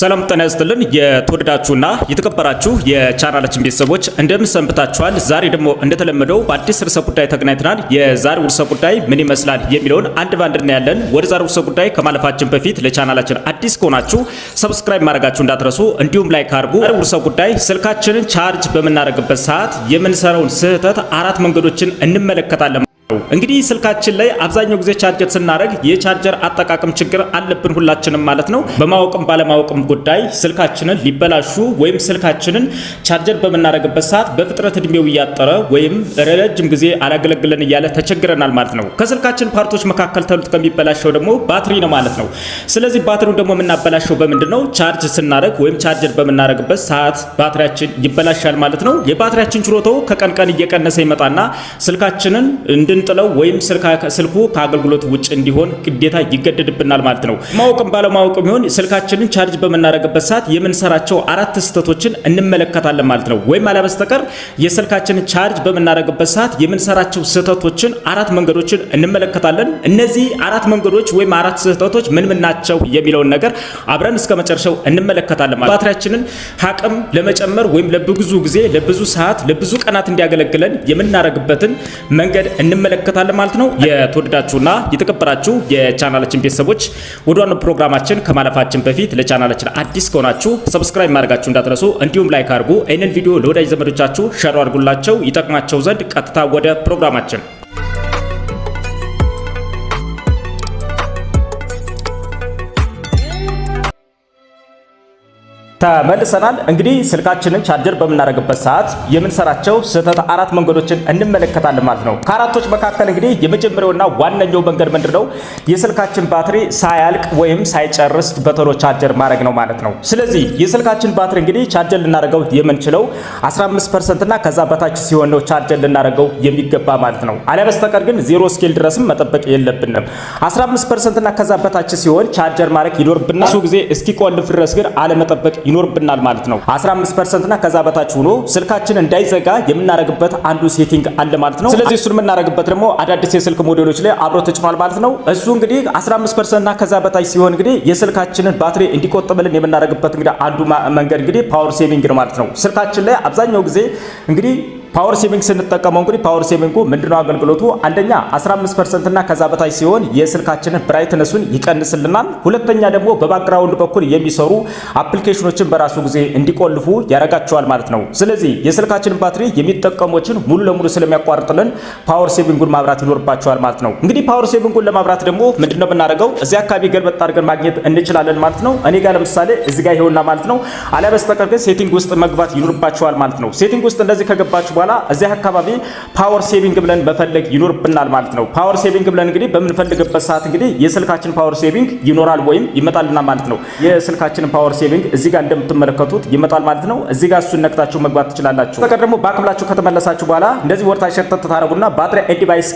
ሰላም ጤና ይስጥልን። የተወደዳችሁና የተከበራችሁ የቻናላችን ቤተሰቦች እንደምን ሰንብታችኋል? ዛሬ ደግሞ እንደተለመደው በአዲስ ርዕሰ ጉዳይ ተገናኝተናል። የዛሬው ርዕሰ ጉዳይ ምን ይመስላል የሚለውን አንድ ባንድ እናያለን። ወደ ዛሬው ርዕሰ ጉዳይ ከማለፋችን በፊት ለቻናላችን አዲስ ከሆናችሁ ሰብስክራይብ ማድረጋችሁ እንዳትረሱ፣ እንዲሁም ላይክ አድርጉ። ዛሬው ርዕሰ ጉዳይ ስልካችንን ቻርጅ በምናደርግበት ሰዓት የምንሰራውን ስህተት አራት መንገዶችን እንመለከታለን። እንግዲህ ስልካችን ላይ አብዛኛው ጊዜ ቻርጀር ስናደርግ የቻርጀር አጠቃቀም ችግር አለብን ሁላችንም ማለት ነው። በማወቅም ባለማወቅም ጉዳይ ስልካችንን ሊበላሹ ወይም ስልካችንን ቻርጀር በምናደርግበት ሰዓት በፍጥነት እድሜው እያጠረ ወይም ረጅም ጊዜ አላገለግለን እያለ ተቸግረናል ማለት ነው። ከስልካችን ፓርቶች መካከል ተሉት ከሚበላሸው ደግሞ ባትሪ ነው ማለት ነው። ስለዚህ ባትሪው ደግሞ የምናበላሸው በምንድን ነው? ቻርጅ ስናደርግ ወይም ቻርጀር በምናደርግበት ሰዓት ባትሪያችን ይበላሻል ማለት ነው። የባትሪያችን ችሎታው ከቀን ቀን እየቀነሰ ይመጣና ስልካችንን እንድን እንድንጥለው ወይም ስልኩ ከአገልግሎት ውጭ እንዲሆን ግዴታ ይገደድብናል ማለት ነው። ማወቅም ባለማወቅም ይሁን ስልካችንን ቻርጅ በምናደርግበት ሰዓት የምንሰራቸው አራት ስህተቶችን እንመለከታለን ማለት ነው። ወይም አለበስተቀር የስልካችንን ቻርጅ በምናደርግበት ሰዓት የምንሰራቸው ስህተቶችን አራት መንገዶችን እንመለከታለን። እነዚህ አራት መንገዶች ወይም አራት ስህተቶች ምን ምን ናቸው የሚለውን ነገር አብረን እስከ መጨረሻው እንመለከታለን ማለት ባትሪያችንን አቅም ለመጨመር ወይም ለብዙ ጊዜ ለብዙ ሰዓት ለብዙ ቀናት እንዲያገለግለን የምናደርግበትን መንገድ እንመለከታለን። እንመለከታለን ማለት ነው። የተወደዳችሁና የተከበራችሁ የቻናላችን ቤተሰቦች ወደ ዋናው ፕሮግራማችን ከማለፋችን በፊት ለቻናላችን አዲስ ከሆናችሁ ሰብስክራይብ ማድረጋችሁ እንዳትረሱ፣ እንዲሁም ላይክ አድርጉ። ይህንን ቪዲዮ ለወዳጅ ዘመዶቻችሁ ሸር አድርጉላቸው ይጠቅማቸው ዘንድ ቀጥታ ወደ ፕሮግራማችን ተመልሰናል። እንግዲህ ስልካችንን ቻርጀር በምናደርግበት ሰዓት የምንሰራቸው ስህተት አራት መንገዶችን እንመለከታለን ማለት ነው። ከአራቶች መካከል እንግዲህ የመጀመሪያውና ዋነኛው መንገድ ምንድን ነው? የስልካችን ባትሪ ሳያልቅ ወይም ሳይጨርስ በቶሎ ቻርጀር ማድረግ ነው ማለት ነው። ስለዚህ የስልካችን ባትሪ እንግዲህ ቻርጀር ልናደርገው የምንችለው 15 ፐርሰንት እና ከዛ በታች ሲሆን ነው ቻርጀር ልናደርገው የሚገባ ማለት ነው። አለያ በስተቀር ግን ዜሮ ስኬል ድረስም መጠበቅ የለብንም። 15 ፐርሰንት እና ከዛ በታች ሲሆን ቻርጀር ማድረግ ይኖርብናል። እሱ ጊዜ እስኪቆልፍ ድረስ ግን አለመጠበቅ ይኖርብናል ማለት ነው። 15 ፐርሰንት እና ከዛ በታች ሆኖ ስልካችን እንዳይዘጋ የምናደርግበት አንዱ ሴቲንግ አለ ማለት ነው። ስለዚህ እሱን የምናደርግበት ደግሞ አዳዲስ የስልክ ሞዴሎች ላይ አብሮ ተጭኗል ማለት ነው። እሱ እንግዲህ 15 ፐርሰንት እና ከዛ በታች ሲሆን እንግዲህ የስልካችንን ባትሪ እንዲቆጥብልን የምናደርግበት እንግዲህ አንዱ መንገድ እንግዲህ ፓወር ሴቪንግ ነው ማለት ነው። ስልካችን ላይ አብዛኛው ጊዜ እንግዲህ ፓወር ሴቪንግ ስንጠቀመው እንግዲህ ፓወር ሴቪንጉ ምንድነው አገልግሎቱ? አንደኛ 15% እና ከዛ በታች ሲሆን የስልካችንን ብራይትነሱን ይቀንስልናል። ሁለተኛ ደግሞ በባክግራውንድ በኩል የሚሰሩ አፕሊኬሽኖችን በራሱ ጊዜ እንዲቆልፉ ያደርጋቸዋል ማለት ነው። ስለዚህ የስልካችንን ባትሪ የሚጠቀሞችን ሙሉ ለሙሉ ስለሚያቋርጥልን ፓወር ሴቪንጉን ማብራት ይኖርባቸዋል ማለት ነው። እንግዲህ ፓወር ሴቪንጉን ለማብራት ደግሞ ምንድነው የምናደርገው? እዚ አካባቢ ገልበጥ አድርገን ማግኘት እንችላለን ማለት ነው። እኔ ጋር ለምሳሌ እዚህ ጋር ይሆንና ማለት ነው። አለበስተቀር ግን ሴቲንግ ውስጥ መግባት ይኖርባቸዋል ማለት ነው። ሴቲንግ ውስጥ እንደዚህ ከገባችሁ በኋላ እዚህ አካባቢ ፓወር ሴቪንግ ብለን መፈለግ ይኖርብናል ማለት ነው። ፓወር ሴቪንግ ብለን እንግዲህ በምንፈልግበት ሰዓት እንግዲህ የስልካችን ፓወር ሴቪንግ ይኖራል ወይም ይመጣልናል ማለት ነው። የስልካችን ፓወር ሴቪንግ እዚህ ጋር እንደምትመለከቱት ይመጣል ማለት ነው። እዚህ ጋር እሱን ነክታችሁ መግባት ትችላላችሁ። ተቀደሙ ባክብላችሁ ከተመለሳችሁ በኋላ እንደዚህ ወርታችሁ ሸርተት ታረጉና ባትሪ ኤንድ ዲቫይስ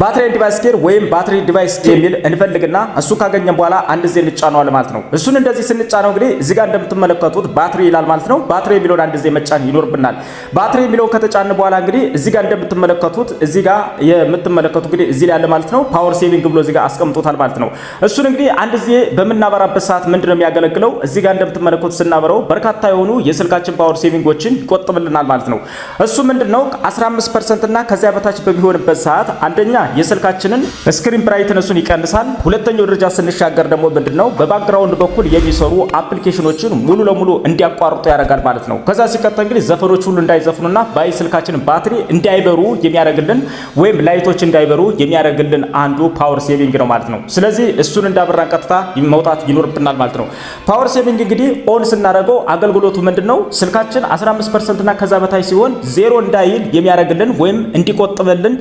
ባትሪ ዲቫይስ ጌር ወይም ባትሪ ዲቫይስ የሚል እንፈልግና እሱ ካገኘን በኋላ አንድ ዜ እንጫነዋል ማለት ነው። እሱን እንደዚህ ስንጫነው እንግዲህ እዚህ ጋር እንደምትመለከቱት ባትሪ ይላል ማለት ነው። ባትሪ የሚለውን አንድ ዜ መጫን ይኖርብናል። ባትሪ የሚለውን ከተጫን በኋላ እንግዲህ እዚህ ጋር እንደምትመለከቱት እዚህ ጋር የምትመለከቱት እንግዲህ እዚህ ላይ ያለ ማለት ነው ፓወር ሴቪንግ ብሎ እዚህ ጋር አስቀምጦታል ማለት ነው። እሱን እንግዲህ አንድ ዜ በምናበራበት ሰዓት ምንድን ነው የሚያገለግለው እዚህ ጋር እንደምትመለከቱት ስናበረው በርካታ የሆኑ የስልካችን ፓወር ሴቪንጎችን ይቆጥብልናል ማለት ነው። እሱ ምንድን ነው 15 ፐርሰንት እና ከዚያ በታች በሚሆንበት ሰዓት አንደኛ አንደኛ የስልካችንን ስክሪን ብራይትነሱን ይቀንሳል። ሁለተኛው ደረጃ ስንሻገር ደግሞ ምንድን ነው በባክግራውንድ በኩል የሚሰሩ አፕሊኬሽኖችን ሙሉ ለሙሉ እንዲያቋርጡ ያደርጋል ማለት ነው። ከዛ ሲቀጥል እንግዲህ ዘፈኖች ሁሉ እንዳይዘፍኑና ባይ ስልካችንን ባትሪ እንዳይበሩ የሚያደርግልን ወይም ላይቶች እንዳይበሩ የሚያደርግልን አንዱ ፓወር ሴቪንግ ነው ማለት ነው። ስለዚህ እሱን እንዳበራን ቀጥታ መውጣት ይኖርብናል ማለት ነው። ፓወር ሴቪንግ እንግዲህ ኦን ስናደርገው አገልግሎቱ ምንድን ነው? ስልካችን 15% እና ከዛ በታች ሲሆን ዜሮ እንዳይል የሚያደርግልን ወይም እንዲቆጥብልን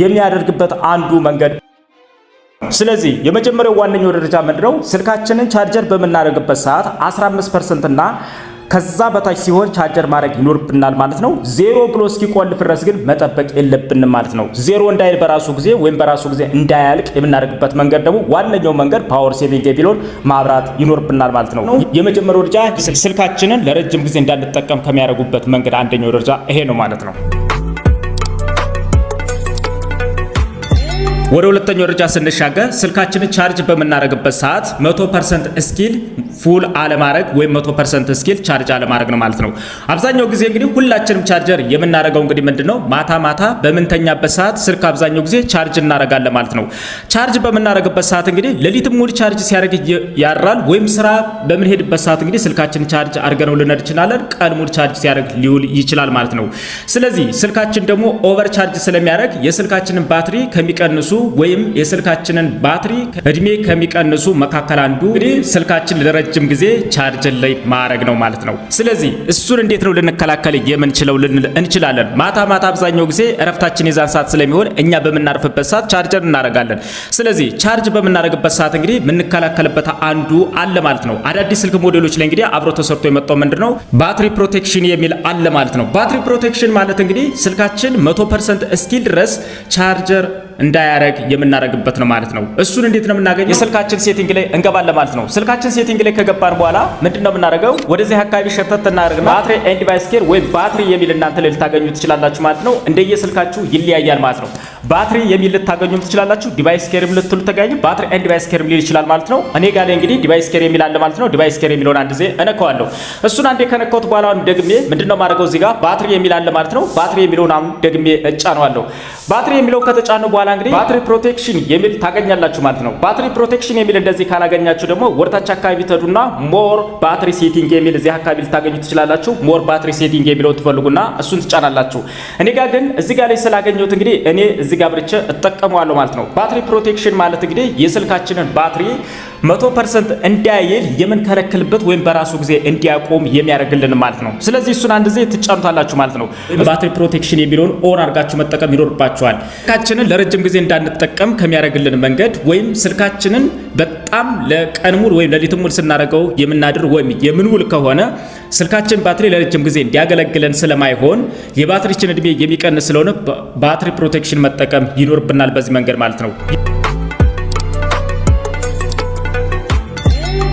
የሚያደርግ የምናገኝበት አንዱ መንገድ። ስለዚህ የመጀመሪያው ዋነኛው ደረጃ ምንድነው? ስልካችንን ቻርጀር በምናደርግበት ሰዓት 15% እና ከዛ በታች ሲሆን ቻርጀር ማድረግ ይኖርብናል ማለት ነው። ዜሮ ብሎ እስኪቆልፍ ድረስ ግን መጠበቅ የለብንም ማለት ነው። ዜሮ እንዳይል በራሱ ጊዜ ወይም በራሱ ጊዜ እንዳያልቅ የምናደርግበት መንገድ ደግሞ ዋነኛው መንገድ ፓወር ሴቪንግ የሚለውን ማብራት ይኖርብናል ማለት ነው። የመጀመሪያው ደረጃ ስልካችንን ለረጅም ጊዜ እንዳንጠቀም ከሚያደርጉበት መንገድ አንደኛው ደረጃ ይሄ ነው ማለት ነው። ወደ ሁለተኛው ደረጃ ስንሻገር ስልካችንን ቻርጅ በምናደርግበት ሰዓት 100% እስኪል ፉል አለማድረግ ወይም 100% እስኪል ቻርጅ አለማድረግ ነው ማለት ነው። አብዛኛው ጊዜ እንግዲህ ሁላችንም ቻርጀር የምናደርገው እንግዲህ ምንድነው ማታ ማታ በምንተኛበት ሰዓት ስልክ አብዛኛው ጊዜ ቻርጅ እናደርጋለን ማለት ነው። ቻርጅ በምናደርግበት ሰዓት እንግዲህ ሌሊት ሙሉ ቻርጅ ሲያደርግ ያድራል። ወይም ስራ በምንሄድበት ሰዓት እንግዲህ ስልካችንን ቻርጅ አድርገነው ልንሄድ እንችላለን። ቀን ሙሉ ቻርጅ ሲያደርግ ሊውል ይችላል ማለት ነው። ስለዚህ ስልካችን ደግሞ ኦቨር ቻርጅ ስለሚያደርግ የስልካችንን ባትሪ ከሚቀንሱ ወይም የስልካችንን ባትሪ እድሜ ከሚቀንሱ መካከል አንዱ እንግዲህ ስልካችን ለረጅም ጊዜ ቻርጅ ላይ ማድረግ ነው ማለት ነው። ስለዚህ እሱን እንዴት ነው ልንከላከል የምንችለው ልንል እንችላለን። ማታ ማታ አብዛኛው ጊዜ እረፍታችን የዛን ሰዓት ስለሚሆን እኛ በምናርፍበት ሰዓት ቻርጀር እናደርጋለን። ስለዚህ ቻርጅ በምናደርግበት ሰዓት እንግዲህ የምንከላከልበት አንዱ አለ ማለት ነው። አዳዲስ ስልክ ሞዴሎች ላይ እንግዲህ አብሮ ተሰርቶ የመጣው ምንድን ነው ባትሪ ፕሮቴክሽን የሚል አለ ማለት ነው። ባትሪ ፕሮቴክሽን ማለት እንግዲህ ስልካችን 100% እስኪል ድረስ ቻርጀር እንዳያረግ የምናረግበት ነው ማለት ነው። እሱን እንዴት ነው የምናገኘው? የስልካችን ሴቲንግ ላይ እንገባለን ማለት ነው። ስልካችን ሴቲንግ ላይ ከገባን በኋላ ምንድነው የምናደርገው? ወደዚህ አካባቢ ሸርተት ነው። ባትሪ ኤንድ ዲቫይስ ኬር ወይም ባትሪ የሚል እናንተ ላይ ልታገኙ ትችላላችሁ ማለት ነው። እንደየስልካችሁ ይለያያል ማለት ነው። ባትሪ የሚል ልታገኙም ትችላላችሁ። ዲቫይስ ኬርም ልትሉ ተገኝ ባትሪ ኤንድ ዲቫይስ ኬርም ሊል ይችላል ማለት ነው። እኔ ጋር እንግዲህ ዲቫይስ ኬር የሚል አለ ማለት ነው። ዲቫይስ ኬር የሚለውን አንድ ጊዜ እነካዋለሁ። እሱን አንዴ ከነካሁት በኋላ ደግሜ ምንድነው ማድረገው እዚህ ጋር ባትሪ የሚል አለ ማለት ነው። ባትሪ የሚለውን አሁን ደግሜ እጫነዋለሁ። ባትሪ የሚለው ከተጫነው በኋላ እንግዲህ ባትሪ ፕሮቴክሽን የሚል ታገኛላችሁ ማለት ነው። ባትሪ ፕሮቴክሽን የሚል እንደዚህ ካላገኛችሁ ደግሞ ወርታች አካባቢ ተዱና ሞር ባትሪ ሴቲንግ የሚል እዚህ አካባቢ ልታገኙ ትችላላችሁ። ሞር ባትሪ ሴቲንግ የሚለውን ትፈልጉና እሱን ትጫናላችሁ። እኔ ጋር ግን እዚህ ጋር ላይ ስላገኘሁት እንግዲህ እኔ እዚህ ጋር ብርቼ እጠቀመዋለሁ ማለት ነው። ባትሪ ፕሮቴክሽን ማለት እንግዲህ የስልካችንን ባትሪ መቶ ፐርሰንት እንዳይል የምንከለክልበት ወይም በራሱ ጊዜ እንዲያቆም የሚያደርግልን ማለት ነው። ስለዚህ እሱን አንድ ጊዜ ትጫኑታላችሁ ማለት ነው። ባትሪ ፕሮቴክሽን የሚለውን ኦን አድርጋችሁ መጠቀም ይኖርባችኋል። ስልካችንን ለረጅም ጊዜ እንዳንጠቀም ከሚያደርግልን መንገድ ወይም ስልካችንን በጣም ለቀን ሙሉ ወይም ለሊት ሙሉ ስናደርገው የምናድር ወይም የምንውል ከሆነ ስልካችን ባትሪ ለረጅም ጊዜ እንዲያገለግለን ስለማይሆን የባትሪችን እድሜ የሚቀንስ ስለሆነ ባትሪ ፕሮቴክሽን መጠቀም ይኖርብናል በዚህ መንገድ ማለት ነው።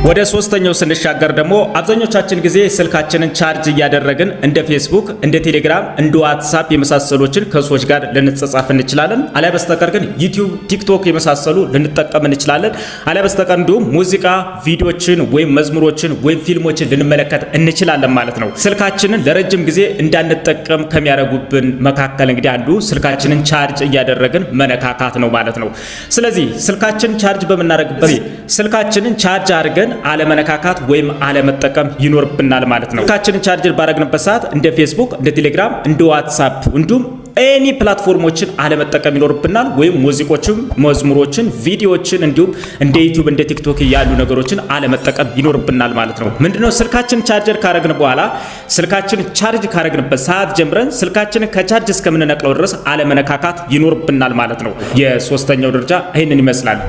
ወደ ሶስተኛው ስንሻገር ደግሞ አብዛኞቻችን ጊዜ ስልካችንን ቻርጅ እያደረግን እንደ ፌስቡክ፣ እንደ ቴሌግራም፣ እንደ ዋትሳፕ የመሳሰሎችን ከሰዎች ጋር ልንጸጻፍ እንችላለን። አሊያ በስተቀር ግን ዩቲዩብ፣ ቲክቶክ የመሳሰሉ ልንጠቀም እንችላለን። አሊያ በስተቀር እንዲሁም ሙዚቃ ቪዲዮችን ወይም መዝሙሮችን ወይም ፊልሞችን ልንመለከት እንችላለን ማለት ነው። ስልካችንን ለረጅም ጊዜ እንዳንጠቀም ከሚያደርጉብን መካከል እንግዲህ አንዱ ስልካችንን ቻርጅ እያደረግን መነካካት ነው ማለት ነው። ስለዚህ ስልካችን ቻርጅ በምናደርግበት ስልካችንን ቻርጅ አድርገን አለመነካካት ወይም አለመጠቀም ይኖርብናል ማለት ነው። ስልካችንን ቻርጀር ባረግንበት ሰዓት እንደ ፌስቡክ፣ እንደ ቴሌግራም፣ እንደ ዋትሳፕ እንዲሁም ኤኒ ፕላትፎርሞችን አለመጠቀም ይኖርብናል። ወይም ሙዚቆችን፣ መዝሙሮችን፣ ቪዲዮዎችን እንዲሁም እንደ ዩቱብ እንደ ቲክቶክ ያሉ ነገሮችን አለመጠቀም ይኖርብናል ማለት ነው። ምንድነው ስልካችን ቻርጀር ካረግን በኋላ ስልካችን ቻርጅ ካረግንበት ሰዓት ጀምረን ስልካችን ከቻርጅ እስከምንነቅለው ድረስ አለመነካካት ይኖርብናል ማለት ነው። የሶስተኛው ደረጃ ይህንን ይመስላል።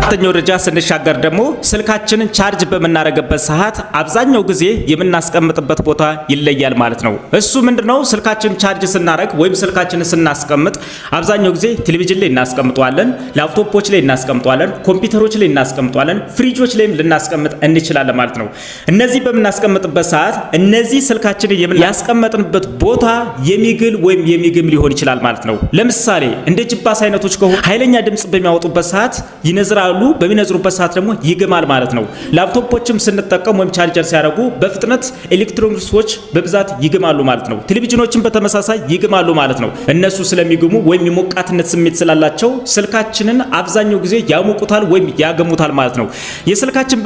አራተኛው ደረጃ ስንሻገር ደግሞ ስልካችንን ቻርጅ በምናደርግበት ሰዓት አብዛኛው ጊዜ የምናስቀምጥበት ቦታ ይለያል ማለት ነው። እሱ ምንድነው? ስልካችን ቻርጅ ስናደርግ ወይም ስልካችንን ስናስቀምጥ አብዛኛው ጊዜ ቴሌቪዥን ላይ እናስቀምጠዋለን፣ ላፕቶፖች ላይ እናስቀምጠዋለን፣ ኮምፒውተሮች ላይ እናስቀምጠዋለን፣ ፍሪጆች ላይም ልናስቀምጥ እንችላለን ማለት ነው። እነዚህ በምናስቀምጥበት ሰዓት እነዚህ ስልካችንን ያስቀመጥንበት ቦታ የሚግል ወይም የሚግም ሊሆን ይችላል ማለት ነው። ለምሳሌ እንደ ጅባስ አይነቶች ከሆኑ ኃይለኛ ድምጽ በሚያወጡበት ሰዓት ይነዝራል ይገማሉ። በሚነዝሩበት ሰዓት ደግሞ ይገማል ማለት ነው። ላፕቶፖችም ስንጠቀም ወይም ቻርጀር ሲያደርጉ በፍጥነት ኤሌክትሮኒክሶች በብዛት ይገማሉ ማለት ነው። ቴሌቪዥኖችም በተመሳሳይ ይገማሉ ማለት ነው። እነሱ ስለሚገሙ ወይም የሞቃትነት ስሜት ስላላቸው ስልካችንን አብዛኛው ጊዜ ያሞቁታል ወይም ያገሙታል ማለት ነው። የስልካችን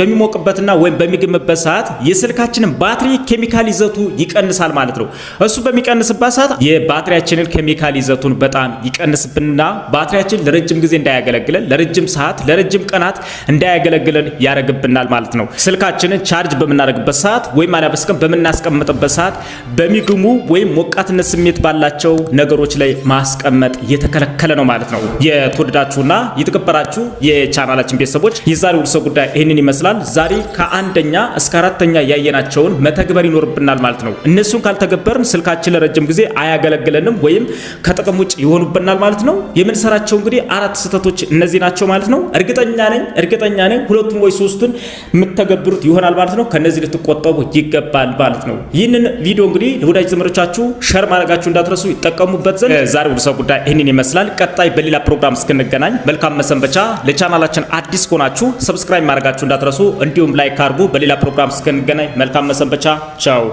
በሚሞቅበትና ወይም በሚገምበት ሰዓት የስልካችንን ባትሪ ኬሚካል ይዘቱ ይቀንሳል ማለት ነው። እሱ በሚቀንስበት ሰዓት የባትሪያችንን ኬሚካል ይዘቱን በጣም ይቀንስብንና ባትሪያችን ለረጅም ጊዜ እንዳያገለግለን ለረጅም ሰዓት ሰዓት ለረጅም ቀናት እንዳያገለግለን ያደርግብናል ማለት ነው። ስልካችንን ቻርጅ በምናደርግበት ሰዓት ወይም አሊያ በስቀን በምናስቀምጥበት ሰዓት በሚግሙ ወይም ሞቃትነት ስሜት ባላቸው ነገሮች ላይ ማስቀመጥ የተከለከለ ነው ማለት ነው። የተወደዳችሁና የተከበራችሁ የቻናላችን ቤተሰቦች የዛሬው ርዕሰ ጉዳይ ይህንን ይመስላል። ዛሬ ከአንደኛ እስከ አራተኛ ያየናቸውን መተግበር ይኖርብናል ማለት ነው። እነሱን ካልተገበርን ስልካችን ለረጅም ጊዜ አያገለግለንም ወይም ከጥቅም ውጭ ይሆኑብናል ማለት ነው። የምንሰራቸው እንግዲህ አራት ስህተቶች እነዚህ ናቸው ማለት ነው። እርግጠኛ ነኝ እርግጠኛ ነኝ ሁለቱን ወይ ሶስቱን የምተገብሩት ይሆናል ማለት ነው። ከነዚህ ልትቆጠቡ ይገባል ማለት ነው። ይህንን ቪዲዮ እንግዲህ ለወዳጅ ዘመዶቻችሁ ሸር ማድረጋችሁ እንዳትረሱ ይጠቀሙበት ዘንድ ዛሬ ወደ ሰው ጉዳይ ይህንን ይመስላል። ቀጣይ በሌላ ፕሮግራም እስክንገናኝ መልካም መሰንበቻ። ለቻናላችን አዲስ ከሆናችሁ ሰብስክራይብ ማድረጋችሁ እንዳትረሱ፣ እንዲሁም ላይክ አድርጉ። በሌላ ፕሮግራም እስክንገናኝ መልካም መሰንበቻ። ቻው